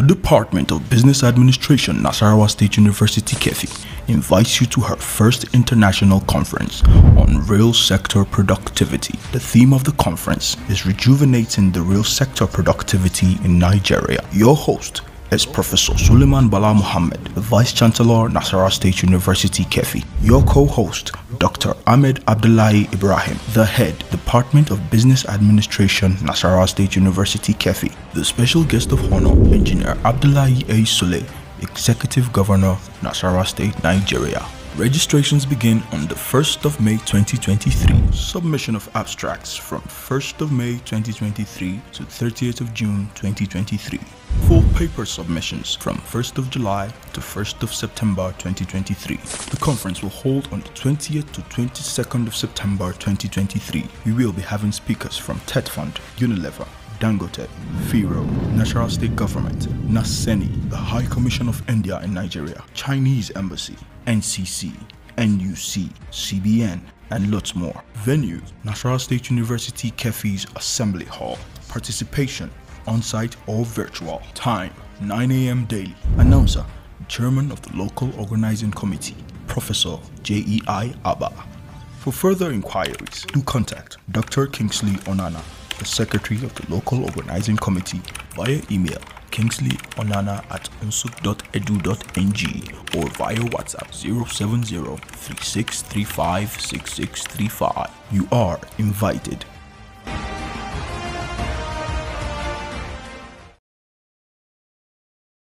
The Department of Business Administration, Nasarawa State University, Kefi, invites you to her first international conference on real sector productivity. The theme of the conference is rejuvenating the real sector productivity in Nigeria. Your host, is Professor Suleiman Bala Muhammad, Vice Chancellor, Nasara State University, Kefi. Your co-host, Dr. Ahmed Abdullahi Ibrahim, the head, Department of Business Administration, Nasara State University, Kefi. The special guest of honor, Engineer Abdullahi A. Sule, Executive Governor, Nasara State, Nigeria. Registrations begin on the 1st of May 2023. Submission of abstracts from 1st of May 2023 to 30th of June 2023. Full paper submissions from 1st of July to 1st of September 2023. The conference will hold on the 20th to 22nd of September 2023. We will be having speakers from TED Fund, Unilever, Dangote, FIRO, National State Government, NASENI, the High Commission of India in Nigeria, Chinese Embassy, NCC, NUC, CBN, and lots more. Venue, Natural State University Kefi's Assembly Hall. Participation, on-site or virtual. Time, 9 a.m. daily. Announcer, Chairman of the Local Organizing Committee, Professor J.E.I. Abba. For further inquiries, do contact Dr. Kingsley Onana, the Secretary of the Local Organizing Committee, via email Kingsley Onana at unsuk.edu.ng or via WhatsApp 070 You are invited.